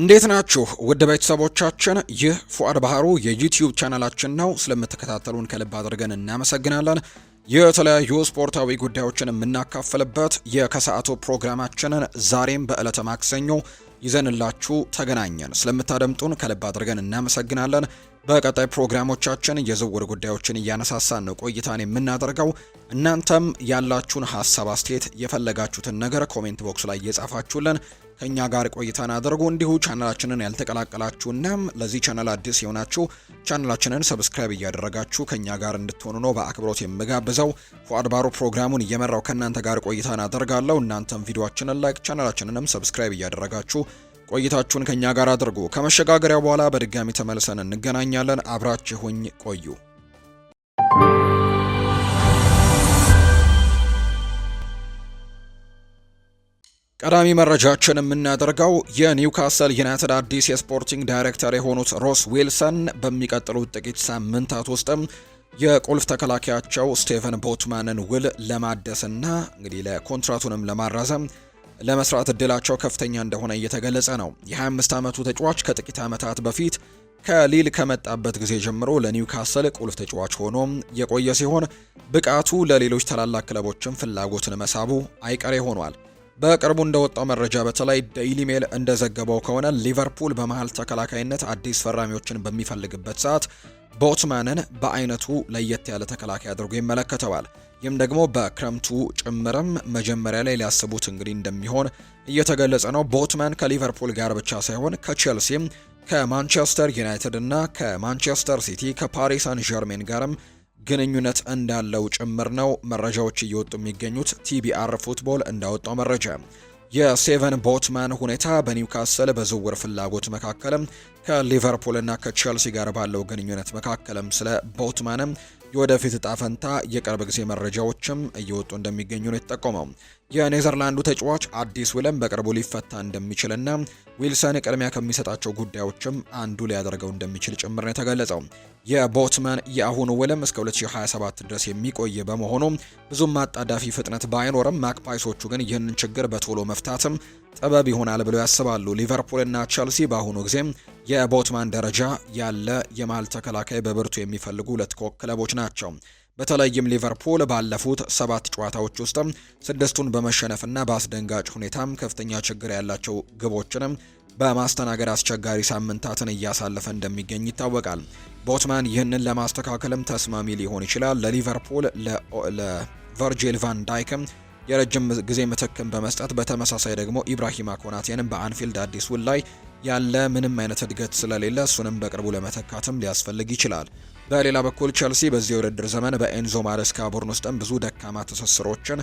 እንዴት ናችሁ ውድ ቤተሰቦቻችን? ይህ ፉአድ ባህሩ የዩቲዩብ ቻናላችን ነው። ስለምትከታተሉን ከልብ አድርገን እናመሰግናለን። የተለያዩ ስፖርታዊ ጉዳዮችን የምናካፍልበት የከሰዓቱ ፕሮግራማችንን ዛሬም በዕለተ ማክሰኞ ይዘንላችሁ ተገናኘን። ስለምታደምጡን ከልብ አድርገን እናመሰግናለን። በቀጣይ ፕሮግራሞቻችን የዝውውር ጉዳዮችን እያነሳሳን ነው ቆይታን የምናደርገው። እናንተም ያላችሁን ሀሳብ፣ አስተያየት፣ የፈለጋችሁትን ነገር ኮሜንት ቦክስ ላይ እየጻፋችሁልን ከኛ ጋር ቆይታን አድርጉ። እንዲሁ ቻናላችንን ያልተቀላቀላችሁና ለዚህ ቻናል አዲስ የሆናችሁ ቻናላችንን ሰብስክራይብ እያደረጋችሁ ከኛ ጋር እንድትሆኑ ነው በአክብሮት የምጋብዘው። ፉአድ ባሩ ፕሮግራሙን እየመራው ከእናንተ ጋር ቆይታን አደርጋለሁ። እናንተም ቪዲዮችንን ላይክ፣ ቻናላችንንም ሰብስክራይብ እያደረጋችሁ ቆይታችሁን ከኛ ጋር አድርጉ። ከመሸጋገሪያው በኋላ በድጋሚ ተመልሰን እንገናኛለን። አብራችሁኝ ቆዩ። ቀዳሚ መረጃችን የምናደርገው የኒውካስል ዩናይትድ አዲስ የስፖርቲንግ ዳይሬክተር የሆኑት ሮስ ዊልሰን በሚቀጥሉት ጥቂት ሳምንታት ውስጥም የቁልፍ ተከላካያቸው ስቴቨን ቦትማንን ውል ለማደስና እንግዲህ ለኮንትራቱንም ለማራዘም ለመስራት እድላቸው ከፍተኛ እንደሆነ እየተገለጸ ነው። የ25 ዓመቱ ተጫዋች ከጥቂት ዓመታት በፊት ከሊል ከመጣበት ጊዜ ጀምሮ ለኒውካስል ቁልፍ ተጫዋች ሆኖ የቆየ ሲሆን ብቃቱ ለሌሎች ታላላቅ ክለቦችም ፍላጎትን መሳቡ አይቀሬ ሆኗል። በቅርቡ እንደወጣው መረጃ በተለይ ዴይሊ ሜል እንደዘገበው ከሆነ ሊቨርፑል በመሀል ተከላካይነት አዲስ ፈራሚዎችን በሚፈልግበት ሰዓት ቦትማንን በአይነቱ ለየት ያለ ተከላካይ አድርጎ ይመለከተዋል። ይህም ደግሞ በክረምቱ ጭምርም መጀመሪያ ላይ ሊያስቡት እንግዲህ እንደሚሆን እየተገለጸ ነው። ቦትማን ከሊቨርፑል ጋር ብቻ ሳይሆን ከቼልሲም ከማንቸስተር ዩናይትድ እና ከማንቸስተር ሲቲ ከፓሪስ ሳን ዠርሜን ጋርም ግንኙነት እንዳለው ጭምር ነው መረጃዎች እየወጡ የሚገኙት። ቲቢአር ፉትቦል እንዳወጣው መረጃ የሴቨን ቦትማን ሁኔታ በኒውካስል በዝውውር ፍላጎት መካከልም ከሊቨርፑልና ከቼልሲ ጋር ባለው ግንኙነት መካከልም ስለ ቦትማንም የወደፊት እጣ ፈንታ የቅርብ ጊዜ መረጃዎችም እየወጡ እንደሚገኙ ነው የተጠቆመው። የኔዘርላንዱ ተጫዋች አዲስ ውለም በቅርቡ ሊፈታ እንደሚችልና ዊልሰን ቅድሚያ ከሚሰጣቸው ጉዳዮችም አንዱ ሊያደርገው እንደሚችል ጭምር ነው የተገለጸው። የቦትመን የአሁኑ ውለም እስከ 2027 ድረስ የሚቆይ በመሆኑ ብዙም አጣዳፊ ፍጥነት ባይኖርም ማክፓይሶቹ ግን ይህንን ችግር በቶሎ መፍታትም ጥበብ ይሆናል ብለው ያስባሉ። ሊቨርፑልና ቸልሲ በአሁኑ ጊዜ የቦትማን ደረጃ ያለ የመሀል ተከላካይ በብርቱ የሚፈልጉ ሁለት ክለቦች ናቸው። በተለይም ሊቨርፑል ባለፉት ሰባት ጨዋታዎች ውስጥም ስድስቱን በመሸነፍና በአስደንጋጭ ሁኔታም ከፍተኛ ችግር ያላቸው ግቦችንም በማስተናገድ አስቸጋሪ ሳምንታትን እያሳለፈ እንደሚገኝ ይታወቃል። ቦትማን ይህንን ለማስተካከልም ተስማሚ ሊሆን ይችላል። ለሊቨርፑል ለቨርጂል ቫን ዳይክም የረጅም ጊዜ ምትክን በመስጠት በተመሳሳይ ደግሞ ኢብራሂማ ኮናቴንም በአንፊልድ አዲስ ውል ላይ ያለ ምንም አይነት እድገት ስለሌለ እሱንም በቅርቡ ለመተካትም ሊያስፈልግ ይችላል። በሌላ በኩል ቸልሲ በዚህ የውድድር ዘመን በኤንዞ ማሬስካ ቡድን ውስጥም ብዙ ደካማ ትስስሮችን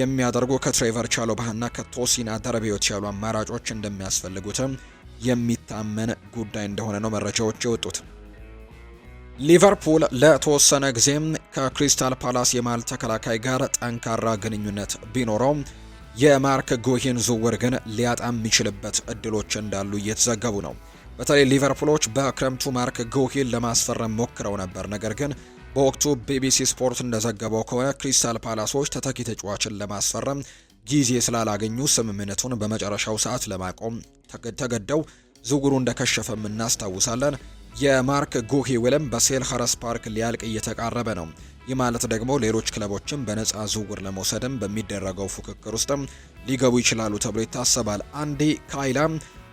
የሚያደርጉ ከትሬቨር ቻሎባህና ከቶሲና አደረቢዮት ያሉ አማራጮች እንደሚያስፈልጉትም የሚታመን ጉዳይ እንደሆነ ነው መረጃዎች የወጡት። ሊቨርፑል ለተወሰነ ጊዜም ከክሪስታል ፓላስ የማል ተከላካይ ጋር ጠንካራ ግንኙነት ቢኖረውም የማርክ ጎሄን ዝውውር ግን ሊያጣ የሚችልበት እድሎች እንዳሉ እየተዘገቡ ነው። በተለይ ሊቨርፑሎች በክረምቱ ማርክ ጎሄን ለማስፈረም ሞክረው ነበር። ነገር ግን በወቅቱ ቢቢሲ ስፖርት እንደዘገበው ከሆነ ክሪስታል ፓላሶች ተተኪ ተጫዋችን ለማስፈረም ጊዜ ስላላገኙ ስምምነቱን በመጨረሻው ሰዓት ለማቆም ተገደው ዝውውሩ እንደከሸፈም እናስታውሳለን። የማርክ ጎሄ ውልም በሴልኸርስት ፓርክ ሊያልቅ እየተቃረበ ነው። ይህ ማለት ደግሞ ሌሎች ክለቦችም በነፃ ዝውውር ለመውሰድም በሚደረገው ፉክክር ውስጥም ሊገቡ ይችላሉ ተብሎ ይታሰባል። አንዲ ካይላ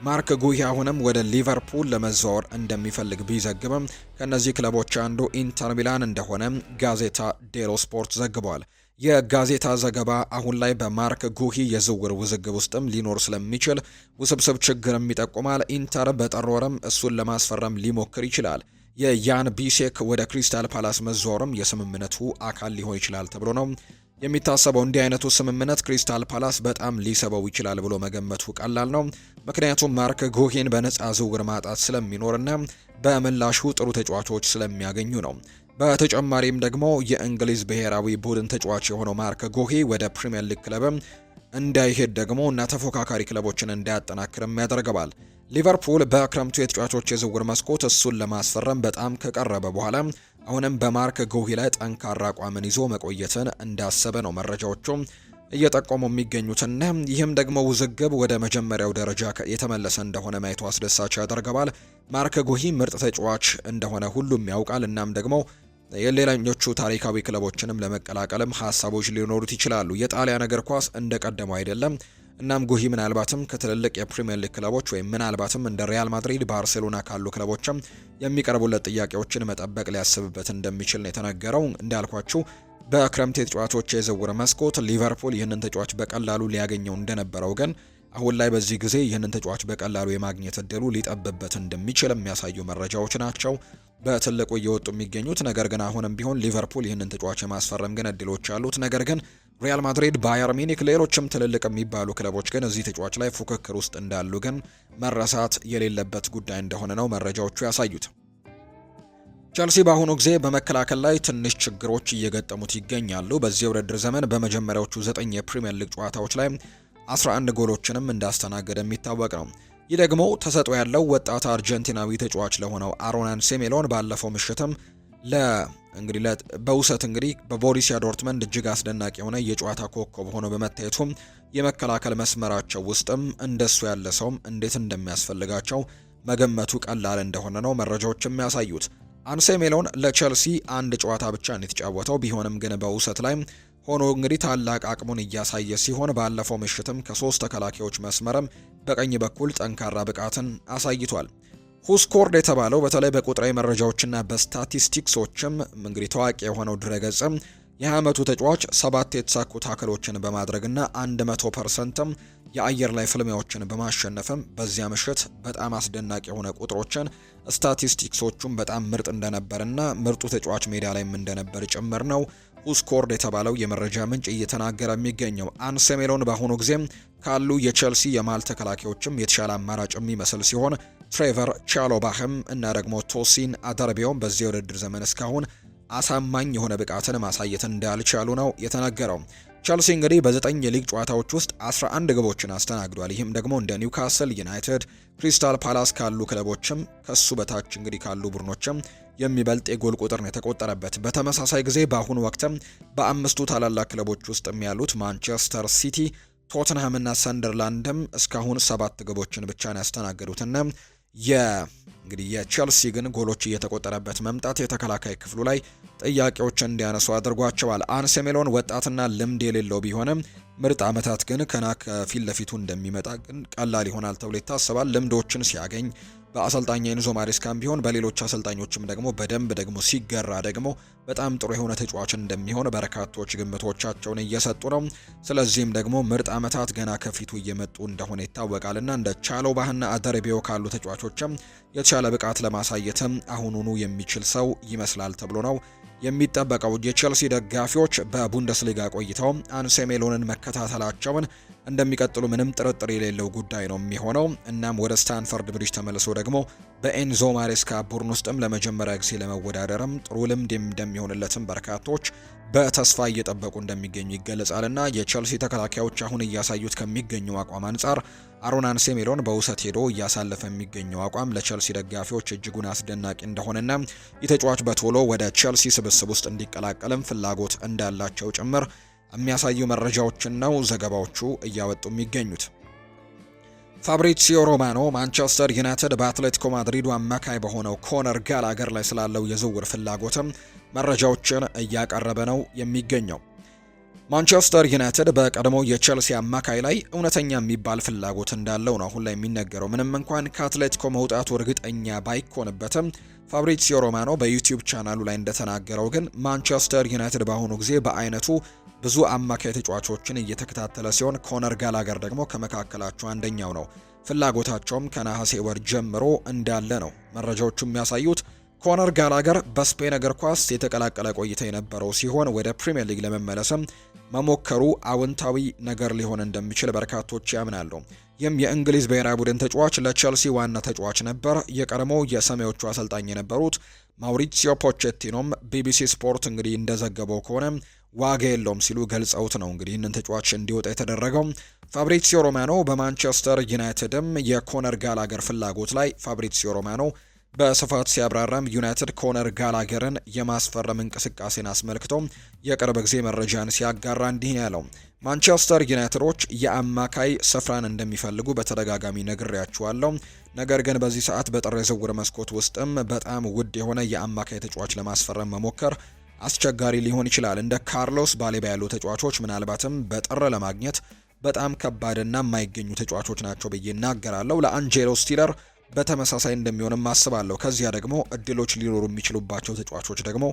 ማርክ ጉሂ አሁንም ወደ ሊቨርፑል ለመዘዋወር እንደሚፈልግ ቢዘግብም ከእነዚህ ክለቦች አንዱ ኢንተር ሚላን እንደሆነ ጋዜታ ዴሎ ስፖርት ዘግቧል። የጋዜታ ዘገባ አሁን ላይ በማርክ ጉሂ የዝውውር ውዝግብ ውስጥም ሊኖር ስለሚችል ውስብስብ ችግርም ይጠቁማል። ኢንተር በጠሮርም እሱን ለማስፈረም ሊሞክር ይችላል። የያን ቢሼክ ወደ ክሪስታል ፓላስ መዛወርም የስምምነቱ አካል ሊሆን ይችላል ተብሎ ነው የሚታሰበው። እንዲህ አይነቱ ስምምነት ክሪስታል ፓላስ በጣም ሊሰበው ይችላል ብሎ መገመቱ ቀላል ነው። ምክንያቱም ማርክ ጎሄን በነፃ ዝውውር ማጣት ስለሚኖርና በምላሹ ጥሩ ተጫዋቾች ስለሚያገኙ ነው። በተጨማሪም ደግሞ የእንግሊዝ ብሔራዊ ቡድን ተጫዋች የሆነው ማርክ ጎሄ ወደ ፕሪምየር ሊግ ክለብም እንዳይሄድ ደግሞ እና ተፎካካሪ ክለቦችን እንዳያጠናክርም ያደርገዋል። ሊቨርፑል በክረምቱ የተጫዋቾች የዝውውር መስኮት እሱን ለማስፈረም በጣም ከቀረበ በኋላ አሁንም በማርክ ጉሂ ላይ ጠንካራ አቋምን ይዞ መቆየትን እንዳሰበ ነው መረጃዎቹ እየጠቆሙ የሚገኙትና ይህም ደግሞ ውዝግብ ወደ መጀመሪያው ደረጃ የተመለሰ እንደሆነ ማየቱ አስደሳች ያደርገዋል። ማርክ ጉሂ ምርጥ ተጫዋች እንደሆነ ሁሉም ያውቃል። እናም ደግሞ የሌላኞቹ ታሪካዊ ክለቦችንም ለመቀላቀልም ሀሳቦች ሊኖሩት ይችላሉ። የጣሊያን እግር ኳስ እንደ ቀደመው አይደለም። እናም ጉሂ ምናልባትም ከትልልቅ የፕሪምየር ሊግ ክለቦች ወይም ምናልባትም እንደ ሪያል ማድሪድ፣ ባርሴሎና ካሉ ክለቦችም የሚቀርቡለት ጥያቄዎችን መጠበቅ ሊያስብበት እንደሚችል ነው የተነገረው። እንዳልኳችሁ በክረምት የተጫዋቾች የዝውውር መስኮት ሊቨርፑል ይህንን ተጫዋች በቀላሉ ሊያገኘው እንደነበረው ግን አሁን ላይ በዚህ ጊዜ ይህንን ተጫዋች በቀላሉ የማግኘት እድሉ ሊጠብበት እንደሚችል የሚያሳዩ መረጃዎች ናቸው በትልቁ እየወጡ የሚገኙት። ነገር ግን አሁንም ቢሆን ሊቨርፑል ይህንን ተጫዋች የማስፈረም ግን እድሎች አሉት። ነገር ግን ሪያል ማድሪድ፣ ባየር ሚኒክ፣ ሌሎችም ትልልቅ የሚባሉ ክለቦች ግን እዚህ ተጫዋች ላይ ፉክክር ውስጥ እንዳሉ ግን መረሳት የሌለበት ጉዳይ እንደሆነ ነው መረጃዎቹ ያሳዩት። ቸልሲ በአሁኑ ጊዜ በመከላከል ላይ ትንሽ ችግሮች እየገጠሙት ይገኛሉ። በዚህ የውድድር ዘመን በመጀመሪያዎቹ ዘጠኝ የፕሪምየር ሊግ ጨዋታዎች ላይ 11 ጎሎችንም እንዳስተናገደ የሚታወቅ ነው። ይህ ደግሞ ተሰጥኦ ያለው ወጣት አርጀንቲናዊ ተጫዋች ለሆነው አሮናን ሴሜሎን ባለፈው ምሽትም ለ እንግዲህ በውሰት እንግዲህ በቦሪሲያ ዶርትመንድ እጅግ አስደናቂ የሆነ የጨዋታ ኮከብ ሆኖ በመታየቱም የመከላከል መስመራቸው ውስጥም እንደሱ ያለ ሰውም እንዴት እንደሚያስፈልጋቸው መገመቱ ቀላል እንደሆነ ነው መረጃዎች የሚያሳዩት። አንሴሜሎን ለቼልሲ አንድ ጨዋታ ብቻ ነው የተጫወተው። ቢሆንም ግን በውሰት ላይ ሆኖ እንግዲህ ታላቅ አቅሙን እያሳየ ሲሆን ባለፈው ምሽትም ከሶስት ተከላካዮች መስመርም በቀኝ በኩል ጠንካራ ብቃትን አሳይቷል። ሁስኮርድ የተባለው በተለይ በቁጥራዊ መረጃዎችና በስታቲስቲክሶችም እንግዲህ ታዋቂ የሆነው ድረገጽም የአመቱ ተጫዋች ሰባት የተሳኩ ታክሎችን በማድረግና 100 ፐርሰንትም የአየር ላይ ፍልሚያዎችን በማሸነፍም በዚያ ምሽት በጣም አስደናቂ የሆነ ቁጥሮችን ስታቲስቲክሶቹም በጣም ምርጥ እንደነበርና ምርጡ ተጫዋች ሜዳ ላይም እንደነበር ጭምር ነው ሁስኮርድ የተባለው የመረጃ ምንጭ እየተናገረ የሚገኘው አንሴሜሎን በአሁኑ ጊዜም ካሉ የቼልሲ የማል ተከላካዮችም የተሻለ አማራጭ የሚመስል ሲሆን ትሬቨር ቻሎባህም እና ደግሞ ቶሲን አደርቢዮም በዚህ የውድድር ዘመን እስካሁን አሳማኝ የሆነ ብቃትን ማሳየት እንዳልቻሉ ነው የተነገረው። ቸልሲ እንግዲህ በዘጠኝ የሊግ ጨዋታዎች ውስጥ 11 ግቦችን አስተናግዷል። ይህም ደግሞ እንደ ኒውካስል ዩናይትድ፣ ክሪስታል ፓላስ ካሉ ክለቦችም ከሱ በታች እንግዲህ ካሉ ቡድኖችም የሚበልጥ የጎል ቁጥር ነው የተቆጠረበት። በተመሳሳይ ጊዜ በአሁኑ ወቅትም በአምስቱ ታላላቅ ክለቦች ውስጥ ያሉት ማንቸስተር ሲቲ፣ ቶትንሃምና ሰንደርላንድም እስካሁን ሰባት ግቦችን ብቻ ነው ያስተናገዱትና እንግዲህ የቼልሲ ግን ጎሎች እየተቆጠረበት መምጣት የተከላካይ ክፍሉ ላይ ጥያቄዎች እንዲያነሱ አድርጓቸዋል። አንሴሜሎን ወጣትና ልምድ የሌለው ቢሆንም ምርጥ ዓመታት ግን ከና ከፊት ለፊቱ እንደሚመጣ ግን ቀላል ይሆናል ተብሎ ይታሰባል። ልምዶችን ሲያገኝ በአሰልጣኝ ኤንዞ ማሪስካም ቢሆን በሌሎች አሰልጣኞችም ደግሞ በደንብ ደግሞ ሲገራ ደግሞ በጣም ጥሩ የሆነ ተጫዋች እንደሚሆን በርካቶች ግምቶቻቸውን እየሰጡ ነው። ስለዚህም ደግሞ ምርጥ ዓመታት ገና ከፊቱ እየመጡ እንደሆነ ይታወቃል ይታወቃልና እንደ ቻሎ ቻሎባህና አደርቤዮ ካሉ ተጫዋቾችም የተሻለ ብቃት ለማሳየትም አሁኑኑ የሚችል ሰው ይመስላል ተብሎ ነው የሚጠበቀው። የቼልሲ ደጋፊዎች በቡንደስሊጋ ቆይተው አንሴሜሎንን መከታተላቸውን እንደሚቀጥሉ ምንም ጥርጥር የሌለው ጉዳይ ነው የሚሆነው። እናም ወደ ስታንፈርድ ብሪጅ ተመልሶ ደግሞ በኤንዞ ማሬስካ ቡድን ውስጥም ለመጀመሪያ ጊዜ ለመወዳደርም ጥሩ ልምድ እንደሚሆንለትም በርካቶች በተስፋ እየጠበቁ እንደሚገኙ ይገለጻልና የቸልሲ ተከላካዮች አሁን እያሳዩት ከሚገኙ አቋም አንጻር አሮን አንሴሜሎን በውሰት ሄዶ እያሳለፈ የሚገኘው አቋም ለቸልሲ ደጋፊዎች እጅጉን አስደናቂ እንደሆነና የተጫዋች በቶሎ ወደ ቸልሲ ስብስብ ውስጥ እንዲቀላቀልም ፍላጎት እንዳላቸው ጭምር የሚያሳዩ መረጃዎችን ነው ዘገባዎቹ እያወጡ የሚገኙት። ፋብሪሲዮ ሮማኖ ማንቸስተር ዩናይትድ በአትሌቲኮ ማድሪዱ አማካይ በሆነው ኮነር ጋላገር ላይ ስላለው የዝውውር ፍላጎትም መረጃዎችን እያቀረበ ነው የሚገኘው። ማንቸስተር ዩናይትድ በቀድሞ የቼልሲ አማካይ ላይ እውነተኛ የሚባል ፍላጎት እንዳለው ነው አሁን ላይ የሚነገረው። ምንም እንኳን ከአትሌቲኮ መውጣቱ እርግጠኛ ባይኮንበትም ፋብሪሲዮ ሮማኖ በዩቲዩብ ቻናሉ ላይ እንደተናገረው ግን ማንቸስተር ዩናይትድ በአሁኑ ጊዜ በአይነቱ ብዙ አማካይ ተጫዋቾችን እየተከታተለ ሲሆን ኮነር ጋላገር ደግሞ ከመካከላቸው አንደኛው ነው። ፍላጎታቸውም ከነሐሴ ወር ጀምሮ እንዳለ ነው መረጃዎቹ የሚያሳዩት። ኮነር ጋላገር በስፔን እግር ኳስ የተቀላቀለ ቆይታ የነበረው ሲሆን ወደ ፕሪምየር ሊግ ለመመለስም መሞከሩ አውንታዊ ነገር ሊሆን እንደሚችል በርካቶች ያምናሉ። ይህም የእንግሊዝ ብሔራዊ ቡድን ተጫዋች ለቼልሲ ዋና ተጫዋች ነበር። የቀድሞ የሰሜዎቹ አሰልጣኝ የነበሩት ማውሪሲዮ ፖቼቲኖም ቢቢሲ ስፖርት እንግዲህ እንደዘገበው ከሆነ ዋጋ የለውም ሲሉ ገልጸውት ነው እንግዲህ ይህንን ተጫዋች እንዲወጣ የተደረገው። ፋብሪሲዮ ሮማኖ በማንቸስተር ዩናይትድም የኮነር ጋላገር ፍላጎት ላይ ፋብሪሲዮ ሮማኖ በስፋት ሲያብራራም ዩናይትድ ኮነር ጋላገርን የማስፈረም እንቅስቃሴን አስመልክቶ የቅርብ ጊዜ መረጃን ሲያጋራ እንዲህ ያለው ማንቸስተር ዩናይትዶች የአማካይ ስፍራን እንደሚፈልጉ በተደጋጋሚ ነግሬያችኋለሁ። ነገር ግን በዚህ ሰዓት በጥር የዝውውር መስኮት ውስጥም በጣም ውድ የሆነ የአማካይ ተጫዋች ለማስፈረም መሞከር አስቸጋሪ ሊሆን ይችላል። እንደ ካርሎስ ባሌባ ያሉ ተጫዋቾች ምናልባትም በጥር ለማግኘት በጣም ከባድና የማይገኙ ተጫዋቾች ናቸው ብዬ እናገራለሁ። ለአንጀሎ ስቲለር በተመሳሳይ እንደሚሆንም አስባለሁ። ከዚያ ደግሞ እድሎች ሊኖሩ የሚችሉባቸው ተጫዋቾች ደግሞ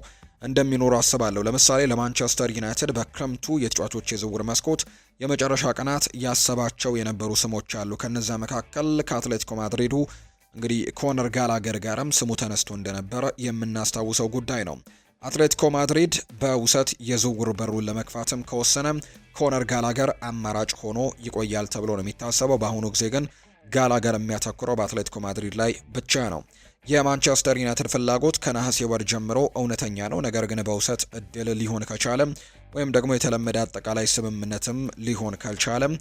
እንደሚኖሩ አስባለሁ። ለምሳሌ ለማንቸስተር ዩናይትድ በክረምቱ የተጫዋቾች የዝውውር መስኮት የመጨረሻ ቀናት ያሰባቸው የነበሩ ስሞች አሉ። ከነዛ መካከል ከአትሌቲኮ ማድሪዱ እንግዲህ ኮነር ጋላገር ጋርም ስሙ ተነስቶ እንደነበረ የምናስታውሰው ጉዳይ ነው። አትሌቲኮ ማድሪድ በውሰት የዝውውር በሩን ለመክፋትም ከወሰነ ኮነር ጋላገር አማራጭ ሆኖ ይቆያል ተብሎ ነው የሚታሰበው። በአሁኑ ጊዜ ግን ጋላገር የሚያተኩረው በአትሌቲኮ ማድሪድ ላይ ብቻ ነው። የማንቸስተር ዩናይትድ ፍላጎት ከነሐሴ ወር ጀምሮ እውነተኛ ነው። ነገር ግን በውሰት እድል ሊሆን ከቻለም ወይም ደግሞ የተለመደ አጠቃላይ ስምምነትም ሊሆን ካልቻለም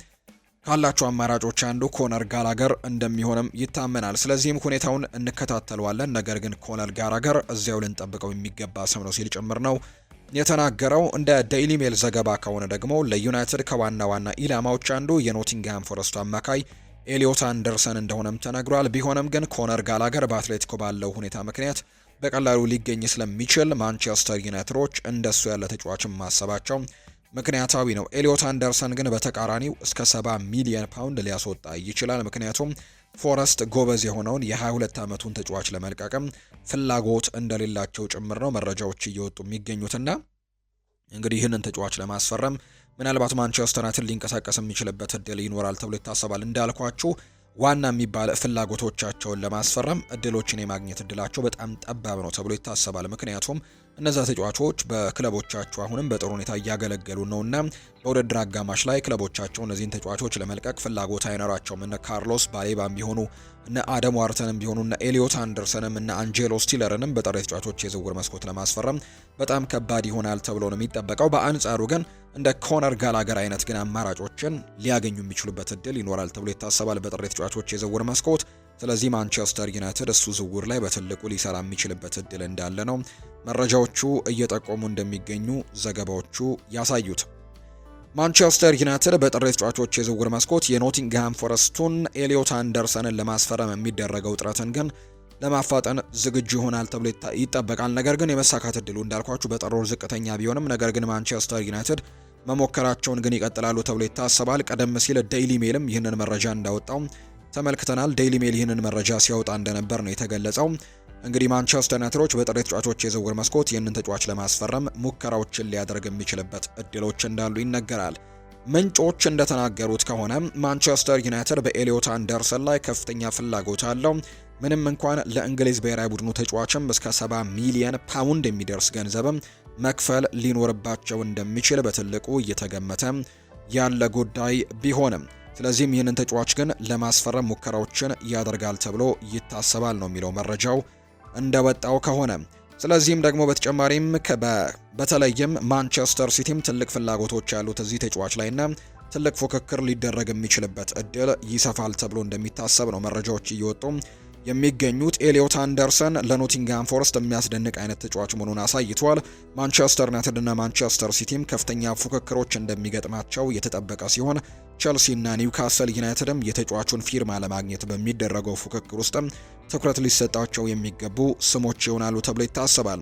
ካላቸው አማራጮች አንዱ ኮነር ጋላገር እንደሚሆንም ይታመናል። ስለዚህም ሁኔታውን እንከታተለዋለን። ነገር ግን ኮነር ጋላገር እዚያው ልንጠብቀው የሚገባ ሰው ነው ሲል ጭምር ነው የተናገረው። እንደ ዴይሊ ሜል ዘገባ ከሆነ ደግሞ ለዩናይትድ ከዋና ዋና ኢላማዎች አንዱ የኖቲንግሃም ፎረስቱ አማካይ ኤሊዮት አንደርሰን እንደሆነም ተነግሯል። ቢሆንም ግን ኮነር ጋላገር በአትሌቲኮ ባለው ሁኔታ ምክንያት በቀላሉ ሊገኝ ስለሚችል ማንቸስተር ዩናይትዶች እንደሱ ያለ ተጫዋችን ማሰባቸው ምክንያታዊ ነው። ኤሊዮት አንደርሰን ግን በተቃራኒው እስከ 70 ሚሊዮን ፓውንድ ሊያስወጣ ይችላል። ምክንያቱም ፎረስት ጎበዝ የሆነውን የ22 ዓመቱን ተጫዋች ለመልቀቅም ፍላጎት እንደሌላቸው ጭምር ነው መረጃዎች እየወጡ የሚገኙትና እንግዲህ ይህንን ተጫዋች ለማስፈረም ምናልባት ማንቸስተር ዩናይትድ ሊንቀሳቀስ የሚችልበት እድል ይኖራል ተብሎ ይታሰባል። እንዳልኳችሁ ዋና የሚባል ፍላጎቶቻቸውን ለማስፈረም እድሎችን የማግኘት እድላቸው በጣም ጠባብ ነው ተብሎ ይታሰባል። ምክንያቱም እነዛ ተጫዋቾች በክለቦቻቸው አሁንም በጥሩ ሁኔታ እያገለገሉ ነውና በውድድር አጋማሽ ላይ ክለቦቻቸው እነዚህን ተጫዋቾች ለመልቀቅ ፍላጎት አይኖራቸውም። እነ ካርሎስ ባሌባም ቢሆኑ እነ አደም ዋርተንም ቢሆኑ እነ ኤሊዮት አንደርሰንም እነ አንጄሎ ስቲለርንም በጥሬ ተጫዋቾች የዝውውር መስኮት ለማስፈረም በጣም ከባድ ይሆናል ተብሎ ነው የሚጠበቀው። በአንጻሩ ግን እንደ ኮነር ጋላገር አይነት ግን አማራጮችን ሊያገኙ የሚችሉበት እድል ይኖራል ተብሎ ይታሰባል። በጥሬ ተጫዋቾች የዝውውር መስኮት ስለዚህ ማንቸስተር ዩናይትድ እሱ ዝውውር ላይ በትልቁ ሊሰራ የሚችልበት እድል እንዳለ ነው መረጃዎቹ እየጠቆሙ እንደሚገኙ ዘገባዎቹ ያሳዩት። ማንቸስተር ዩናይትድ በጥር ተጫዋቾች የዝውውር መስኮት የኖቲንግሃም ፎረስቱን ኤሊዮት አንደርሰንን ለማስፈረም የሚደረገው ጥረትን ግን ለማፋጠን ዝግጁ ይሆናል ተብሎ ይጠበቃል። ነገር ግን የመሳካት እድሉ እንዳልኳችሁ በጠሮር ዝቅተኛ ቢሆንም ነገር ግን ማንቸስተር ዩናይትድ መሞከራቸውን ግን ይቀጥላሉ ተብሎ ይታሰባል። ቀደም ሲል ዴይሊ ሜልም ይህንን መረጃ እንዳወጣው ተመልክተናል። ዴይሊ ሜል ይህንን መረጃ ሲያወጣ እንደነበር ነው የተገለጸው። እንግዲህ ማንቸስተር ዩናይትዶች በጥሬ ተጫዋቾች የዝውውር መስኮት ይህንን ተጫዋች ለማስፈረም ሙከራዎችን ሊያደርግ የሚችልበት እድሎች እንዳሉ ይነገራል። ምንጮች እንደተናገሩት ከሆነ ማንቸስተር ዩናይትድ በኤሊዮት አንደርሰን ላይ ከፍተኛ ፍላጎት አለው። ምንም እንኳን ለእንግሊዝ ብሔራዊ ቡድኑ ተጫዋችም እስከ 70 ሚሊየን ፓውንድ የሚደርስ ገንዘብም መክፈል ሊኖርባቸው እንደሚችል በትልቁ እየተገመተ ያለ ጉዳይ ቢሆንም ስለዚህም ይህንን ተጫዋች ግን ለማስፈረም ሙከራዎችን ያደርጋል ተብሎ ይታሰባል ነው የሚለው መረጃው እንደወጣው ከሆነ። ስለዚህም ደግሞ በተጨማሪም በተለይም ማንቸስተር ሲቲም ትልቅ ፍላጎቶች ያሉት እዚህ ተጫዋች ላይና ትልቅ ፉክክር ሊደረግ የሚችልበት እድል ይሰፋል ተብሎ እንደሚታሰብ ነው መረጃዎች እየወጡ የሚገኙት ኤሊዮት አንደርሰን ለኖቲንግሃም ፎረስት የሚያስደንቅ አይነት ተጫዋች መሆኑን አሳይቷል። ማንቸስተር ዩናይትድ እና ማንቸስተር ሲቲም ከፍተኛ ፉክክሮች እንደሚገጥማቸው የተጠበቀ ሲሆን ቸልሲ እና ኒውካስል ዩናይትድም የተጫዋቹን ፊርማ ለማግኘት በሚደረገው ፉክክር ውስጥም ትኩረት ሊሰጣቸው የሚገቡ ስሞች ይሆናሉ ተብሎ ይታሰባል።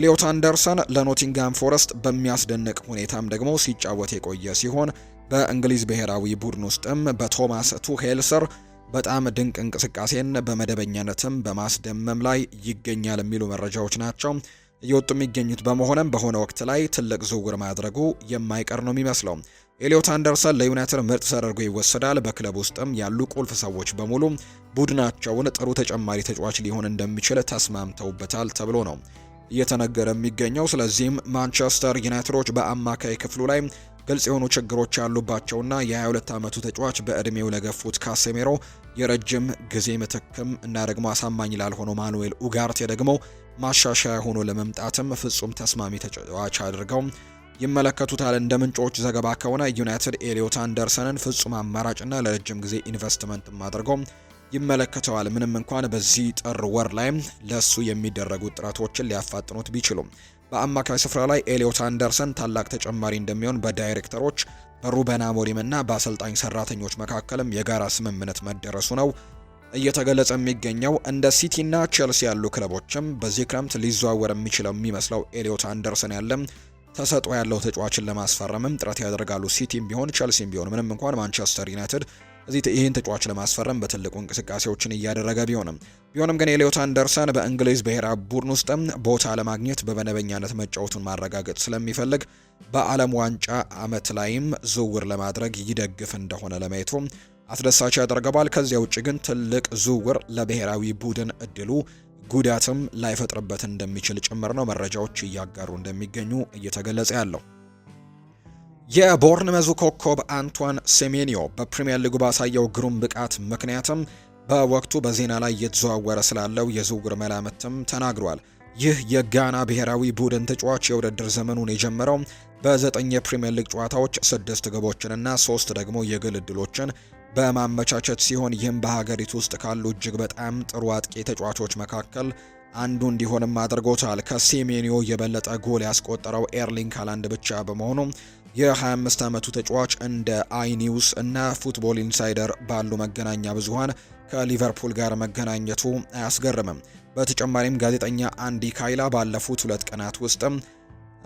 ኤሊዮት አንደርሰን ለኖቲንግሃም ፎረስት በሚያስደንቅ ሁኔታም ደግሞ ሲጫወት የቆየ ሲሆን በእንግሊዝ ብሔራዊ ቡድን ውስጥም በቶማስ ቱሄል ስር በጣም ድንቅ እንቅስቃሴን በመደበኛነትም በማስደመም ላይ ይገኛል የሚሉ መረጃዎች ናቸው እየወጡ የሚገኙት። በመሆነም በሆነ ወቅት ላይ ትልቅ ዝውውር ማድረጉ የማይቀር ነው የሚመስለው። ኤሊዮት አንደርሰን ለዩናይትድ ምርጥ ተደርጎ ይወሰዳል። በክለብ ውስጥም ያሉ ቁልፍ ሰዎች በሙሉ ቡድናቸውን ጥሩ ተጨማሪ ተጫዋች ሊሆን እንደሚችል ተስማምተውበታል ተብሎ ነው እየተነገረ የሚገኘው። ስለዚህም ማንቸስተር ዩናይትዶች በአማካይ ክፍሉ ላይ ግልጽ የሆኑ ችግሮች ያሉባቸውና የ22 ዓመቱ ተጫዋች በዕድሜው ለገፉት ካሴሜሮ የረጅም ጊዜ ምትክም እና ደግሞ አሳማኝ ላልሆነው ማኑኤል ኡጋርቴ ደግሞ ማሻሻያ ሆኖ ለመምጣትም ፍጹም ተስማሚ ተጫዋች አድርገው ይመለከቱታል። እንደ ምንጮች ዘገባ ከሆነ ዩናይትድ ኤሊዮት አንደርሰንን ፍጹም አማራጭና ለረጅም ጊዜ ኢንቨስትመንት አድርገው ይመለከተዋል። ምንም እንኳን በዚህ ጥር ወር ላይ ለሱ የሚደረጉ ጥረቶችን ሊያፋጥኑት ቢችሉም በአማካይ ስፍራ ላይ ኤሊዮት አንደርሰን ታላቅ ተጨማሪ እንደሚሆን በዳይሬክተሮች በሩበን እና በአሰልጣኝ ሰራተኞች መካከልም የጋራ ስምምነት መደረሱ ነው እየተገለጸ የሚገኘው። እንደ ሲቲና ቼልሲ ያሉ ክለቦችም በዚህ ክረምት ሊዘዋወር የሚችለው የሚመስለው ኤሊዮት አንደርሰን ያለም ተሰጥኦ ያለው ተጫዋችን ለማስፈረምም ጥረት ያደርጋሉ። ሲቲም ቢሆን ቼልሲም ቢሆን ምንም እንኳን ማንቸስተር ዩናይትድ እዚህ ይህን ተጫዋች ለማስፈረም በትልቁ እንቅስቃሴዎችን እያደረገ ቢሆንም ቢሆንም ግን ኤሊዮት አንደርሰን በእንግሊዝ ብሔራዊ ቡድን ውስጥም ቦታ ለማግኘት በመደበኛነት መጫወቱን ማረጋገጥ ስለሚፈልግ በዓለም ዋንጫ አመት ላይም ዝውውር ለማድረግ ይደግፍ እንደሆነ ለማየቱ አስደሳች ያደርገዋል። ከዚያ ውጭ ግን ትልቅ ዝውውር ለብሔራዊ ቡድን እድሉ ጉዳትም ላይፈጥርበት እንደሚችል ጭምር ነው መረጃዎች እያጋሩ እንደሚገኙ እየተገለጸ ያለው። የቦርንመዙ ኮከብ አንቷን ሴሜኒዮ በፕሪምየር ሊጉ ባሳየው ግሩም ብቃት ምክንያትም በወቅቱ በዜና ላይ እየተዘዋወረ ስላለው የዝውውር መላምትም ተናግሯል። ይህ የጋና ብሔራዊ ቡድን ተጫዋች የውድድር ዘመኑን የጀመረው በዘጠኝ የፕሪምየር ሊግ ጨዋታዎች ስድስት ግቦችንና ሶስት ደግሞ የግል በማመቻቸት ሲሆን ይህም በሀገሪቱ ውስጥ ካሉ እጅግ በጣም ጥሩ አጥቂ ተጫዋቾች መካከል አንዱ እንዲሆንም አድርጎታል። ከሴሜኒዮ የበለጠ ጎል ያስቆጠረው ኤርሊንግ ሃላንድ ብቻ በመሆኑ የ25 ዓመቱ ተጫዋች እንደ አይኒውስ እና ፉትቦል ኢንሳይደር ባሉ መገናኛ ብዙሃን ከሊቨርፑል ጋር መገናኘቱ አያስገርምም። በተጨማሪም ጋዜጠኛ አንዲ ካይላ ባለፉት ሁለት ቀናት ውስጥም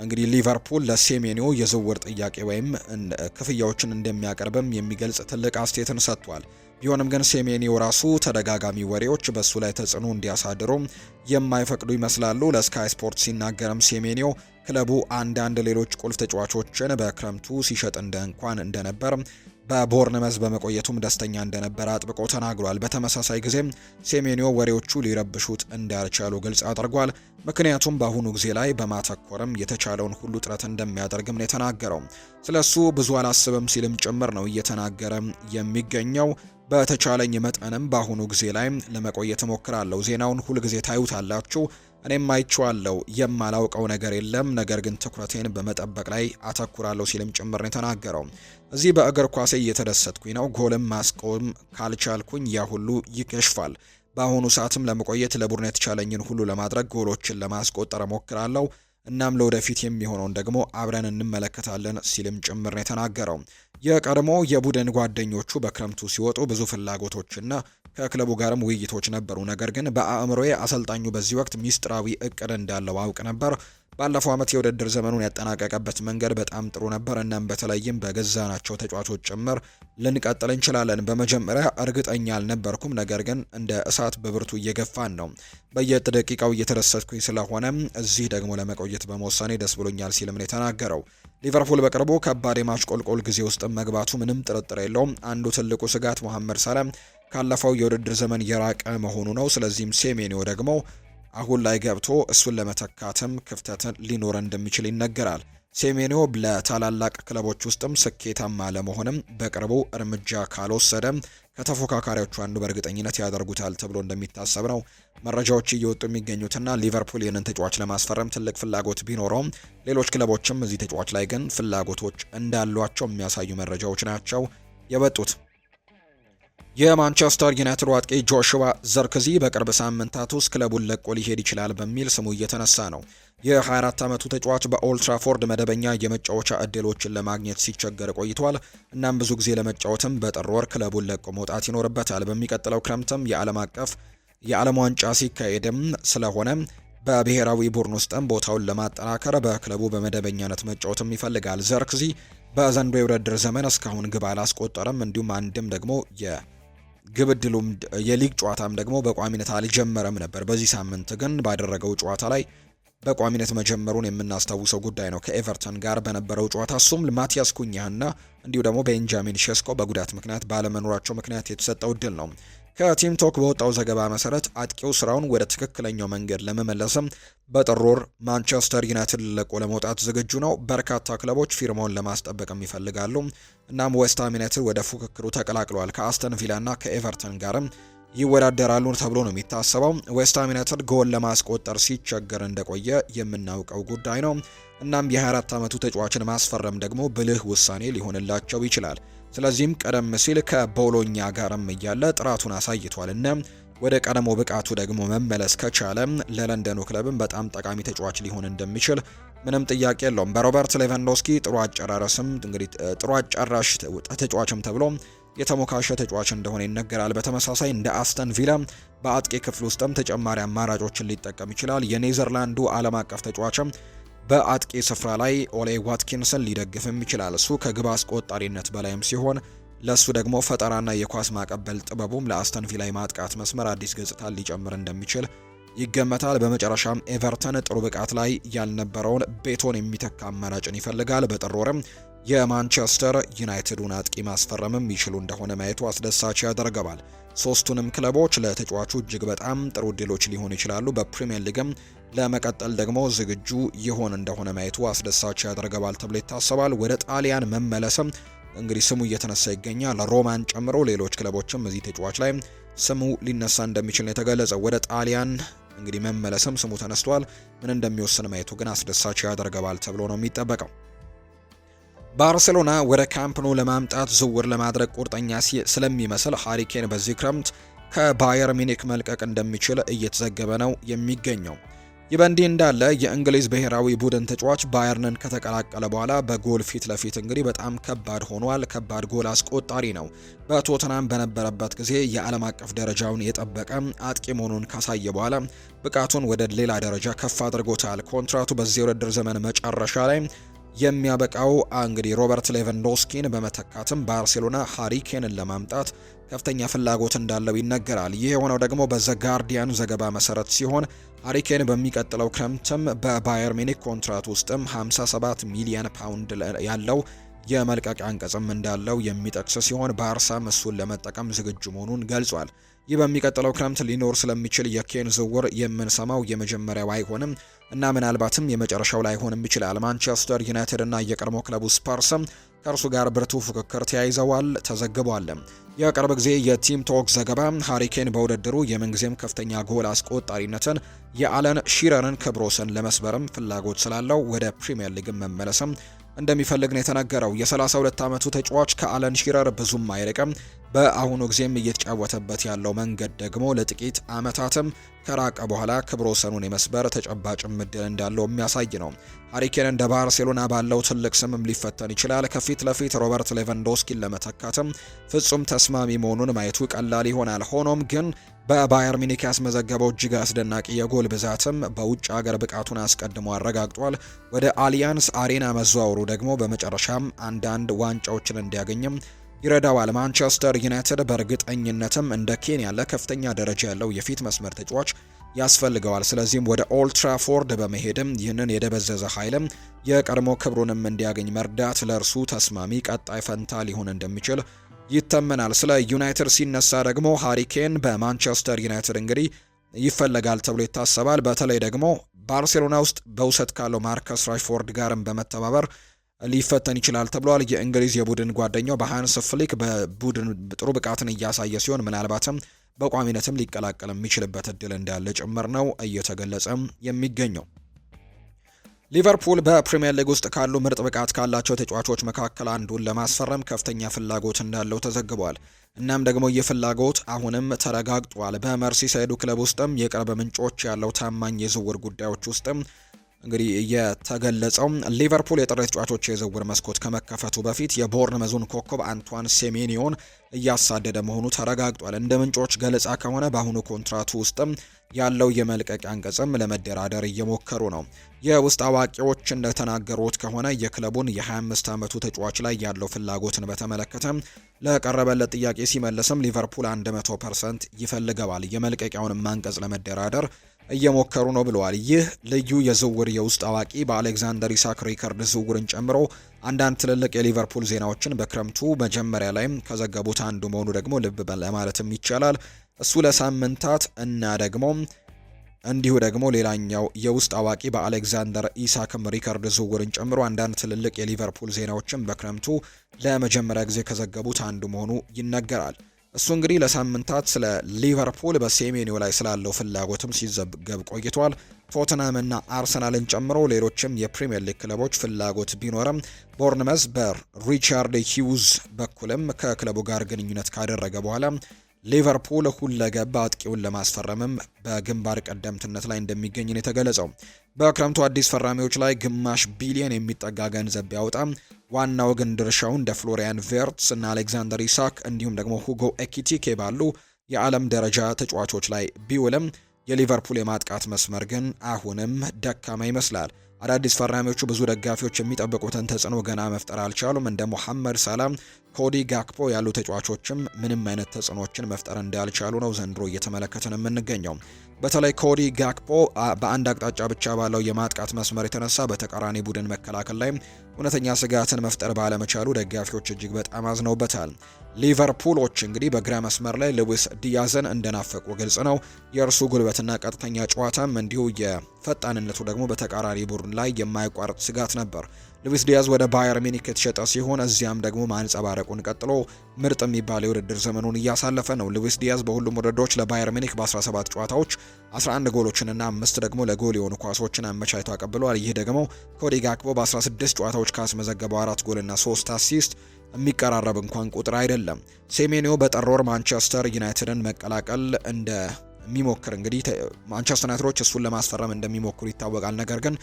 እንግዲህ ሊቨርፑል ለሴሜኒዮ የዝውውር ጥያቄ ወይም ክፍያዎችን እንደሚያቀርብም የሚገልጽ ትልቅ አስተያየትን ሰጥቷል። ቢሆንም ግን ሴሜኒዮ ራሱ ተደጋጋሚ ወሬዎች በእሱ ላይ ተጽዕኖ እንዲያሳድሩ የማይፈቅዱ ይመስላሉ። ለስካይ ስፖርት ሲናገርም ሴሜኒዮ ክለቡ አንዳንድ ሌሎች ቁልፍ ተጫዋቾችን በክረምቱ ሲሸጥ እንደ እንኳን እንደነበር በቦርንመዝ በመቆየቱም ደስተኛ እንደነበረ አጥብቆ ተናግሯል። በተመሳሳይ ጊዜም ሴሜኒዮ ወሬዎቹ ሊረብሹት እንዳልቻሉ ግልጽ አድርጓል። ምክንያቱም በአሁኑ ጊዜ ላይ በማተኮርም የተቻለውን ሁሉ ጥረት እንደሚያደርግም ነው የተናገረው። ስለሱ ብዙ አላስብም ሲልም ጭምር ነው እየተናገረም የሚገኘው። በተቻለኝ መጠንም በአሁኑ ጊዜ ላይ ለመቆየት እሞክራለሁ። ዜናውን ሁልጊዜ ታዩታላችሁ፣ እኔም አይቼዋለሁ። የማላውቀው ነገር የለም፣ ነገር ግን ትኩረቴን በመጠበቅ ላይ አተኩራለሁ ሲልም ጭምር ነው የተናገረው። እዚህ በእግር ኳሴ እየተደሰትኩኝ ነው። ጎልም ማስቆም ካልቻልኩኝ ያ ሁሉ ይከሽፋል። በአሁኑ ሰዓትም ለመቆየት ለቡድን የተቻለኝን ሁሉ ለማድረግ ጎሎችን ለማስቆጠር እሞክራለሁ። እናም ለወደፊት የሚሆነውን ደግሞ አብረን እንመለከታለን ሲልም ጭምር ነው የተናገረው። የቀድሞ የቡድን ጓደኞቹ በክረምቱ ሲወጡ ብዙ ፍላጎቶችና ከክለቡ ጋርም ውይይቶች ነበሩ። ነገር ግን በአእምሮዬ አሰልጣኙ በዚህ ወቅት ሚስጥራዊ እቅድ እንዳለው አውቅ ነበር። ባለፈው ዓመት የውድድር ዘመኑን ያጠናቀቀበት መንገድ በጣም ጥሩ ነበር። እናም በተለይም በገዛናቸው ተጫዋቾች ጭምር ልንቀጥል እንችላለን። በመጀመሪያ እርግጠኛ አልነበርኩም፣ ነገር ግን እንደ እሳት በብርቱ እየገፋን ነው። በየደቂቃው እየተደሰትኩኝ ስለሆነ እዚህ ደግሞ ለመቆየት በመወሰኔ ደስ ብሎኛል ሲልም ነው የተናገረው። ሊቨርፑል በቅርቡ ከባድ የማሽቆልቆል ጊዜ ውስጥ መግባቱ ምንም ጥርጥር የለውም። አንዱ ትልቁ ስጋት መሐመድ ሰላም ካለፈው የውድድር ዘመን የራቀ መሆኑ ነው። ስለዚህም ሴሜኒዮ ደግሞ አሁን ላይ ገብቶ እሱን ለመተካትም ክፍተትን ሊኖረ እንደሚችል ይነገራል። ሴሜኒዮ ለታላላቅ ክለቦች ውስጥም ስኬታማ ለመሆንም በቅርቡ እርምጃ ካልወሰደም ከተፎካካሪዎቹ አንዱ በእርግጠኝነት ያደርጉታል ተብሎ እንደሚታሰብ ነው መረጃዎች እየወጡ የሚገኙትና ሊቨርፑል ይህንን ተጫዋች ለማስፈረም ትልቅ ፍላጎት ቢኖረውም ሌሎች ክለቦችም እዚህ ተጫዋች ላይ ግን ፍላጎቶች እንዳሏቸው የሚያሳዩ መረጃዎች ናቸው የወጡት። የማንቸስተር ዩናይትድ አጥቂ ጆሹዋ ዘርክዚ በቅርብ ሳምንታት ውስጥ ክለቡን ለቆ ሊሄድ ይችላል በሚል ስሙ እየተነሳ ነው። የ24 ዓመቱ ተጫዋች በኦልትራፎርድ መደበኛ የመጫወቻ እድሎችን ለማግኘት ሲቸገር ቆይቷል። እናም ብዙ ጊዜ ለመጫወትም በጥር ወር ክለቡን ለቆ መውጣት ይኖርበታል። በሚቀጥለው ክረምትም የዓለም አቀፍ የዓለም ዋንጫ ሲካሄድም ስለሆነ በብሔራዊ ቡድን ውስጥም ቦታውን ለማጠናከር በክለቡ በመደበኛነት መጫወትም ይፈልጋል። ዘርክዚ በዘንድሮው የውድድር ዘመን እስካሁን ግብ አላስቆጠረም፣ እንዲሁም አንድም ደግሞ የ ግብ የሊግ ጨዋታም ደግሞ በቋሚነት አልጀመረም ነበር። በዚህ ሳምንት ግን ባደረገው ጨዋታ ላይ በቋሚነት መጀመሩን የምናስታውሰው ጉዳይ ነው። ከኤቨርተን ጋር በነበረው ጨዋታ እሱም ማቲያስ ኩኛህና እንዲሁ ደግሞ ቤንጃሚን ሸስኮ በጉዳት ምክንያት ባለመኖራቸው ምክንያት የተሰጠው እድል ነው። ከቲም ቶክ በወጣው ዘገባ መሰረት አጥቂው ስራውን ወደ ትክክለኛው መንገድ ለመመለስም በጥር ወር ማንቸስተር ዩናይትድ ለቆ ለመውጣት ዝግጁ ነው። በርካታ ክለቦች ፊርማውን ለማስጠበቅም ይፈልጋሉ። እናም ዌስትሃም ዩናይትድ ወደ ፉክክሩ ተቀላቅለዋል። ከአስተን ቪላና ከኤቨርተን ጋርም ይወዳደራሉ ተብሎ ነው የሚታሰበው። ዌስትሃም ዩናይትድ ጎል ለማስቆጠር ሲቸገር እንደቆየ የምናውቀው ጉዳይ ነው። እናም የ24 ዓመቱ ተጫዋችን ማስፈረም ደግሞ ብልህ ውሳኔ ሊሆንላቸው ይችላል። ስለዚህም ቀደም ሲል ከቦሎኛ ጋርም እያለ ጥራቱን አሳይቷል ወደ ቀደሞ ብቃቱ ደግሞ መመለስ ከቻለ ለለንደኑ ክለብም በጣም ጠቃሚ ተጫዋች ሊሆን እንደሚችል ምንም ጥያቄ የለውም። በሮበርት ሌቫንዶስኪ ጥሩ አጨራረስም እንግዲህ ጥሩ አጨራሽ ተጫዋችም ተብሎ የተሞካሸ ተጫዋች እንደሆነ ይነገራል። በተመሳሳይ እንደ አስተን ቪላ በአጥቂ ክፍል ውስጥም ተጨማሪ አማራጮችን ሊጠቀም ይችላል። የኔዘርላንዱ ዓለም አቀፍ ተጫዋችም በአጥቂ ስፍራ ላይ ኦሌ ዋትኪንስን ሊደግፍም ይችላል። እሱ ከግብ አስቆጣሪነት በላይም ሲሆን ለእሱ ደግሞ ፈጠራና የኳስ ማቀበል ጥበቡም ለአስተን ቪላ ማጥቃት መስመር አዲስ ገጽታ ሊጨምር እንደሚችል ይገመታል። በመጨረሻም ኤቨርተን ጥሩ ብቃት ላይ ያልነበረውን ቤቶን የሚተካ አማራጭን ይፈልጋል። በጥር ወርም የማንቸስተር ዩናይትዱን አጥቂ ማስፈረምም ይችሉ እንደሆነ ማየቱ አስደሳች ያደርገዋል። ሶስቱንም ክለቦች ለተጫዋቹ እጅግ በጣም ጥሩ እድሎች ሊሆኑ ይችላሉ። በፕሪምየር ሊግም ለመቀጠል ደግሞ ዝግጁ ይሆን እንደሆነ ማየቱ አስደሳች ያደርገዋል ተብሎ ይታሰባል። ወደ ጣሊያን መመለስም እንግዲህ ስሙ እየተነሳ ይገኛል። ሮማን ጨምሮ ሌሎች ክለቦችም እዚህ ተጫዋች ላይ ስሙ ሊነሳ እንደሚችል ነው የተገለጸ። ወደ ጣሊያን እንግዲህ መመለስም ስሙ ተነስቷል። ምን እንደሚወስን ማየቱ ግን አስደሳች ያደርገዋል ተብሎ ነው የሚጠበቀው። ባርሴሎና ወደ ኑ ለማምጣት ዝውውር ለማድረግ ቁርጠኛ ስለሚመስል ሃሪኬን በዚህ ክረምት ከባየር ሚኒክ መልቀቅ እንደሚችል እየተዘገበ ነው የሚገኘው። ይህ በእንዲህ እንዳለ የእንግሊዝ ብሔራዊ ቡድን ተጫዋች ባየርንን ከተቀላቀለ በኋላ በጎል ፊት ለፊት እንግዲህ በጣም ከባድ ሆኗል። ከባድ ጎል አስቆጣሪ ነው። በቶትናም በነበረበት ጊዜ የዓለም አቀፍ ደረጃውን የጠበቀ አጥቂ መሆኑን ካሳየ በኋላ ብቃቱን ወደ ሌላ ደረጃ ከፍ አድርጎታል። ኮንትራቱ በዚህ የውድድር ዘመን መጨረሻ ላይ የሚያበቃው እንግዲህ ሮበርት ሌቫንዶስኪን በመተካትም ባርሴሎና ሃሪኬንን ለማምጣት ከፍተኛ ፍላጎት እንዳለው ይነገራል። ይህ የሆነው ደግሞ በዘ ጋርዲያኑ ዘገባ መሰረት ሲሆን አሪኬን በሚቀጥለው ክረምትም በባየር ሚኒክ ኮንትራት ውስጥም 57 ሚሊዮን ፓውንድ ያለው የመልቀቅ አንቀጽም እንዳለው የሚጠቅስ ሲሆን ባርሳም እሱን ለመጠቀም ዝግጁ መሆኑን ገልጿል። ይህ በሚቀጥለው ክረምት ሊኖር ስለሚችል የኬን ዝውውር የምንሰማው የመጀመሪያው አይሆንም እና ምናልባትም የመጨረሻው ላይሆንም ይችላል። ማንቸስተር ዩናይትድ እና የቀድሞ ክለቡ ስፐርስም ከእርሱ ጋር ብርቱ ፉክክር ተያይዘዋል ተዘግቧል። የቅርብ ጊዜ የቲም ቶክ ዘገባ ሃሪኬን በውድድሩ የምንጊዜም ከፍተኛ ጎል አስቆጣሪነትን የአለን ሺረርን ክብሮስን ለመስበርም ፍላጎት ስላለው ወደ ፕሪምየር ሊግ መመለስም እንደሚፈልግ ነው የተናገረው። የ32 ዓመቱ ተጫዋች ከአለን ሺረር ብዙም አይርቅም። በአሁኑ ጊዜም እየተጫወተበት ያለው መንገድ ደግሞ ለጥቂት ዓመታትም ከራቀ በኋላ ክብረ ወሰኑን የመስበር ተጨባጭ እድል እንዳለው የሚያሳይ ነው። ሃሪኬን እንደ ባርሴሎና ባለው ትልቅ ስምም ሊፈተን ይችላል። ከፊት ለፊት ሮበርት ሌቫንዶስኪን ለመተካትም ፍጹም ተስማሚ መሆኑን ማየቱ ቀላል ይሆናል። ሆኖም ግን በባየር ሚኒክ ያስመዘገበው እጅግ አስደናቂ የጎል ብዛትም በውጭ ሀገር ብቃቱን አስቀድሞ አረጋግጧል። ወደ አሊያንስ አሬና መዘዋወሩ ደግሞ በመጨረሻም አንዳንድ ዋንጫዎችን እንዲያገኝም ይረዳዋል። ማንቸስተር ዩናይትድ በእርግጠኝነትም እንደ ኬን ያለ ከፍተኛ ደረጃ ያለው የፊት መስመር ተጫዋች ያስፈልገዋል። ስለዚህም ወደ ኦልትራፎርድ በመሄድም ይህንን የደበዘዘ ኃይልም የቀድሞ ክብሩንም እንዲያገኝ መርዳት ለእርሱ ተስማሚ ቀጣይ ፈንታ ሊሆን እንደሚችል ይተመናል። ስለ ዩናይትድ ሲነሳ ደግሞ ሃሪኬን በማንቸስተር ዩናይትድ እንግዲህ ይፈለጋል ተብሎ ይታሰባል። በተለይ ደግሞ ባርሴሎና ውስጥ በውሰት ካለው ማርከስ ራሽፎርድ ጋርም በመተባበር ሊፈተን ይችላል ተብሏል። የእንግሊዝ የቡድን ጓደኛው በሃንስ ፍሊክ በቡድን ጥሩ ብቃትን እያሳየ ሲሆን ምናልባትም በቋሚነትም ሊቀላቀል የሚችልበት እድል እንዳለ ጭምር ነው እየተገለጸ የሚገኘው። ሊቨርፑል በፕሪምየር ሊግ ውስጥ ካሉ ምርጥ ብቃት ካላቸው ተጫዋቾች መካከል አንዱን ለማስፈረም ከፍተኛ ፍላጎት እንዳለው ተዘግቧል። እናም ደግሞ ይህ ፍላጎት አሁንም ተረጋግጧል። በመርሲሳይዱ ክለብ ውስጥም የቅርብ ምንጮች ያለው ታማኝ የዝውውር ጉዳዮች ውስጥም እንግዲህ የተገለጸው ሊቨርፑል የጥሬ ተጫዋቾች የዝውውር መስኮት ከመከፈቱ በፊት የቦርን መዙን ኮከብ አንቷን ሴሜኒዮን እያሳደደ መሆኑ ተረጋግጧል። እንደ ምንጮች ገለጻ ከሆነ በአሁኑ ኮንትራቱ ውስጥም ያለው የመልቀቂያ አንቀጽም ለመደራደር እየሞከሩ ነው። የውስጥ አዋቂዎች እንደተናገሩት ከሆነ የክለቡን የ25 ዓመቱ ተጫዋች ላይ ያለው ፍላጎትን በተመለከተ ለቀረበለት ጥያቄ ሲመለስም ሊቨርፑል 100 ፐርሰንት ይፈልገዋል። የመልቀቂያውን ማንቀጽ ለመደራደር እየሞከሩ ነው ብለዋል። ይህ ልዩ የዝውውር የውስጥ አዋቂ በአሌክዛንደር ኢሳክ ሪከርድ ዝውውርን ጨምሮ አንዳንድ ትልልቅ የሊቨርፑል ዜናዎችን በክረምቱ መጀመሪያ ላይም ከዘገቡት አንዱ መሆኑ ደግሞ ልብ ለማለትም ይቻላል። እሱ ለሳምንታት እና ደግሞ እንዲሁ ደግሞ ሌላኛው የውስጥ አዋቂ በአሌክዛንደር ኢሳክም ሪከርድ ዝውውርን ጨምሮ አንዳንድ ትልልቅ የሊቨርፑል ዜናዎችን በክረምቱ ለመጀመሪያ ጊዜ ከዘገቡት አንዱ መሆኑ ይነገራል። እሱ እንግዲህ ለሳምንታት ስለ ሊቨርፑል በሴሜኒው ላይ ስላለው ፍላጎትም ሲዘገብ ቆይቷል። ቶትናምና አርሰናልን ጨምሮ ሌሎችም የፕሪምየር ሊግ ክለቦች ፍላጎት ቢኖርም ቦርንመዝ በሪቻርድ ሂውዝ በኩልም ከክለቡ ጋር ግንኙነት ካደረገ በኋላ ሊቨርፑል ሁለገብ አጥቂውን ለማስፈረምም በግንባር ቀደምትነት ላይ እንደሚገኝ ነው የተገለጸው። በክረምቱ አዲስ ፈራሚዎች ላይ ግማሽ ቢሊየን የሚጠጋ ገንዘብ ቢያወጣም ዋናው ግን ድርሻው እንደ ፍሎሪያን ቬርትስ እና አሌክዛንደር ኢሳክ እንዲሁም ደግሞ ሁጎ ኤኪቲኬ ባሉ የዓለም ደረጃ ተጫዋቾች ላይ ቢውልም የሊቨርፑል የማጥቃት መስመር ግን አሁንም ደካማ ይመስላል። አዳዲስ ፈራሚዎቹ ብዙ ደጋፊዎች የሚጠብቁትን ተጽዕኖ ገና መፍጠር አልቻሉም። እንደ ሞሐመድ ሰላም፣ ኮዲ ጋክፖ ያሉ ተጫዋቾችም ምንም አይነት ተጽዕኖችን መፍጠር እንዳልቻሉ ነው ዘንድሮ እየተመለከትን የምንገኘው። በተለይ ኮዲ ጋክፖ በአንድ አቅጣጫ ብቻ ባለው የማጥቃት መስመር የተነሳ በተቃራኒ ቡድን መከላከል ላይ እውነተኛ ስጋትን መፍጠር ባለመቻሉ ደጋፊዎች እጅግ በጣም አዝነውበታል። ሊቨርፑሎች እንግዲህ በግራ መስመር ላይ ልዊስ ዲያዘን እንደናፈቁ ግልጽ ነው። የእርሱ ጉልበትና ቀጥተኛ ጨዋታም እንዲሁ የፈጣንነቱ ደግሞ በተቃራኒ ቡድን ላይ የማይቋርጥ ስጋት ነበር። ሉዊስ ዲያዝ ወደ ባየር ሚኒክ የተሸጠ ሲሆን እዚያም ደግሞ ማንጸባረቁን ቀጥሎ ምርጥ የሚባል የውድድር ዘመኑን እያሳለፈ ነው። ሉዊስ ዲያዝ በሁሉም ውድድሮች ለባየር ሚኒክ በ17 ጨዋታዎች 11 ጎሎችንና አምስት ደግሞ ለጎል የሆኑ ኳሶችን አመቻችቶ አቀብሏል። ይህ ደግሞ ኮዲ ጋክቦ በ16 ጨዋታዎች ካስመዘገበው አራት ጎልና ሶስት አሲስት የሚቀራረብ እንኳን ቁጥር አይደለም። ሴሜኒዮ በጠሮር ማንቸስተር ዩናይትድን መቀላቀል እንደሚሞክር እንግዲህ ማንቸስተር ዩናይትዶች እሱን ለማስፈረም እንደሚሞክሩ ይታወቃል። ነገር ግን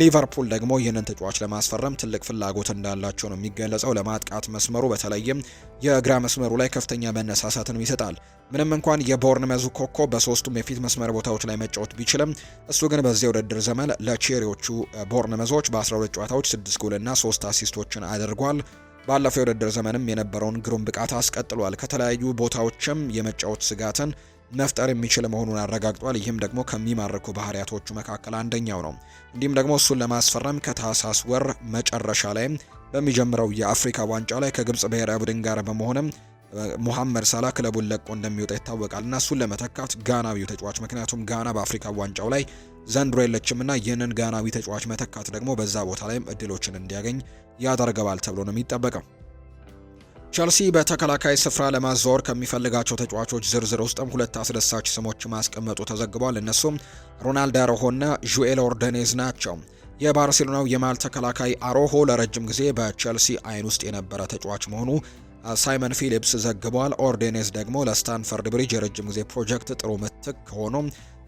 ሊቨርፑል ደግሞ ይህንን ተጫዋች ለማስፈረም ትልቅ ፍላጎት እንዳላቸው ነው የሚገለጸው። ለማጥቃት መስመሩ በተለይም የግራ መስመሩ ላይ ከፍተኛ መነሳሳትንም ይሰጣል። ምንም እንኳን የቦርንመዙ ኮከብ በሶስቱም የፊት መስመር ቦታዎች ላይ መጫወት ቢችልም እሱ ግን በዚህ ውድድር ዘመን ለቼሪዎቹ ቦርንመዞች በ12 ጨዋታዎች 6 ጎልና 3 አሲስቶችን አድርጓል። ባለፈው የውድድር ዘመንም የነበረውን ግሩም ብቃት አስቀጥሏል። ከተለያዩ ቦታዎችም የመጫወት ስጋትን መፍጠር የሚችል መሆኑን አረጋግጧል። ይህም ደግሞ ከሚማርኩ ባህሪያቶቹ መካከል አንደኛው ነው። እንዲሁም ደግሞ እሱን ለማስፈረም ከታህሳስ ወር መጨረሻ ላይ በሚጀምረው የአፍሪካ ዋንጫ ላይ ከግብፅ ብሔራዊ ቡድን ጋር በመሆንም ሙሐመድ ሳላ ክለቡን ለቆ እንደሚወጣ እና እሱን ለመተካት ጋናዊው ተጫዋች ምክንያቱም ጋና በአፍሪካ ዋንጫው ላይ ዘንድሮ የለችምና ይህንን ጋናዊ ተጫዋች መተካት ደግሞ በዛ ቦታ ላይም እድሎችን እንዲያገኝ ያደርገዋል ተብሎ ነው የሚጠበቀው። ቸልሲ በተከላካይ ስፍራ ለማዛወር ከሚፈልጋቸው ተጫዋቾች ዝርዝር ውስጥም ሁለት አስደሳች ስሞች ማስቀመጡ ተዘግቧል። እነሱም ሮናልድ አሮሆና ዡኤል ኦርደኔዝ ናቸው። የባርሴሎናው የማል ተከላካይ አሮሆ ለረጅም ጊዜ በቸልሲ አይን ውስጥ የነበረ ተጫዋች መሆኑ ሳይመን ፊሊፕስ ዘግቧል። ኦርዴኔዝ ደግሞ ለስታንፈርድ ብሪጅ የረጅም ጊዜ ፕሮጀክት ጥሩ ምትክ ሆኖ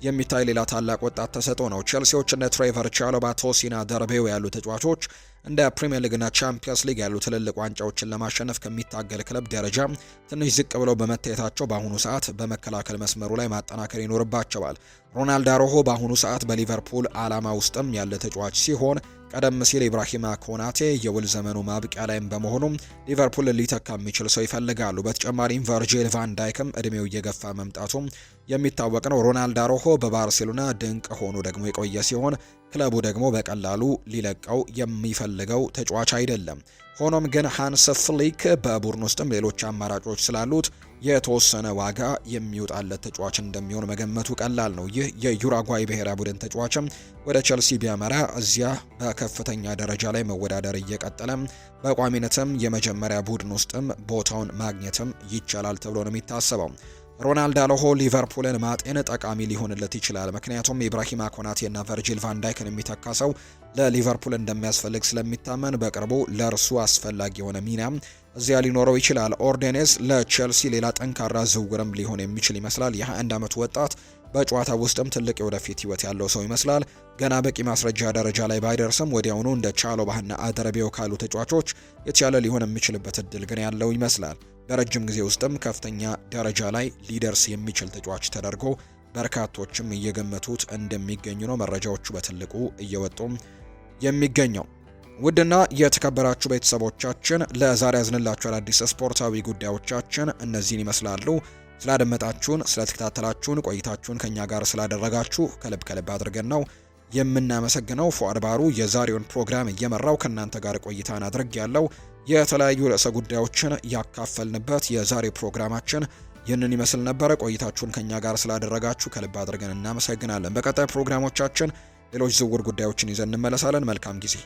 የሚታይ ሌላ ታላቅ ወጣት ተሰጥኦ ነው። ቼልሲዎች እነ ትሬቨር ቻሎባ፣ ቶሲና ደርቤው ያሉ ተጫዋቾች እንደ ፕሪምየር ሊግና ቻምፒየንስ ሊግ ያሉ ትልልቅ ዋንጫዎችን ለማሸነፍ ከሚታገል ክለብ ደረጃ ትንሽ ዝቅ ብለው በመታየታቸው በአሁኑ ሰዓት በመከላከል መስመሩ ላይ ማጠናከር ይኖርባቸዋል። ሮናልድ አሮሆ በአሁኑ ሰዓት በሊቨርፑል ዓላማ ውስጥም ያለ ተጫዋች ሲሆን ቀደም ሲል ኢብራሂማ ኮናቴ የውል ዘመኑ ማብቂያ ላይም በመሆኑም ሊቨርፑል ሊተካ የሚችል ሰው ይፈልጋሉ። በተጨማሪም ቨርጂል ቫን ዳይክም እድሜው እየገፋ መምጣቱም የሚታወቅ ነው። ሮናልድ አሮሆ በባርሴሎና ድንቅ ሆኖ ደግሞ የቆየ ሲሆን ክለቡ ደግሞ በቀላሉ ሊለቀው የሚፈልገው ተጫዋች አይደለም። ሆኖም ግን ሃንስ ፍሊክ በቡድን ውስጥም ሌሎች አማራጮች ስላሉት የተወሰነ ዋጋ የሚወጣለት ተጫዋች እንደሚሆን መገመቱ ቀላል ነው። ይህ የዩራጓይ ብሔራዊ ቡድን ተጫዋችም ወደ ቸልሲ ቢያመራ እዚያ በከፍተኛ ደረጃ ላይ መወዳደር እየቀጠለም በቋሚነትም የመጀመሪያ ቡድን ውስጥም ቦታውን ማግኘትም ይቻላል ተብሎ ነው የሚታሰበው። ሮናልድ አልሆ ሊቨርፑልን ማጤን ጠቃሚ ሊሆንለት ይችላል። ምክንያቱም ኢብራሂማ ኮናቴና ቨርጂል ቫንዳይክን የሚተካ ሰው ለሊቨርፑል እንደሚያስፈልግ ስለሚታመን በቅርቡ ለእርሱ አስፈላጊ የሆነ ሚና እዚያ ሊኖረው ይችላል። ኦርዴኔስ ለቼልሲ ሌላ ጠንካራ ዝውውርም ሊሆን የሚችል ይመስላል። የ21 ዓመቱ ወጣት በጨዋታ ውስጥም ትልቅ የወደፊት ህይወት ያለው ሰው ይመስላል። ገና በቂ ማስረጃ ደረጃ ላይ ባይደርስም ወዲያውኑ እንደ ቻሎባህና አደረቤው ካሉ ተጫዋቾች የተሻለ ሊሆን የሚችልበት እድል ግን ያለው ይመስላል። በረጅም ጊዜ ውስጥም ከፍተኛ ደረጃ ላይ ሊደርስ የሚችል ተጫዋች ተደርጎ በርካቶችም እየገመቱት እንደሚገኙ ነው መረጃዎቹ በትልቁ እየወጡም የሚገኘው። ውድና የተከበራችሁ ቤተሰቦቻችን ለዛሬ ያዝንላችሁ አዳዲስ ስፖርታዊ ጉዳዮቻችን እነዚህን ይመስላሉ። ስላደመጣችሁን፣ ስለተከታተላችሁን፣ ቆይታችሁን ከእኛ ጋር ስላደረጋችሁ ከልብ ከልብ አድርገን ነው የምናመሰግነው ፉአድ ባሩ የዛሬውን ፕሮግራም እየመራው ከእናንተ ጋር ቆይታን አድርግ ያለው የተለያዩ ርዕሰ ጉዳዮችን ያካፈልንበት የዛሬ ፕሮግራማችን ይህንን ይመስል ነበረ። ቆይታችሁን ከእኛ ጋር ስላደረጋችሁ ከልብ አድርገን እናመሰግናለን። በቀጣይ ፕሮግራሞቻችን ሌሎች ዝውውር ጉዳዮችን ይዘን እንመለሳለን። መልካም ጊዜ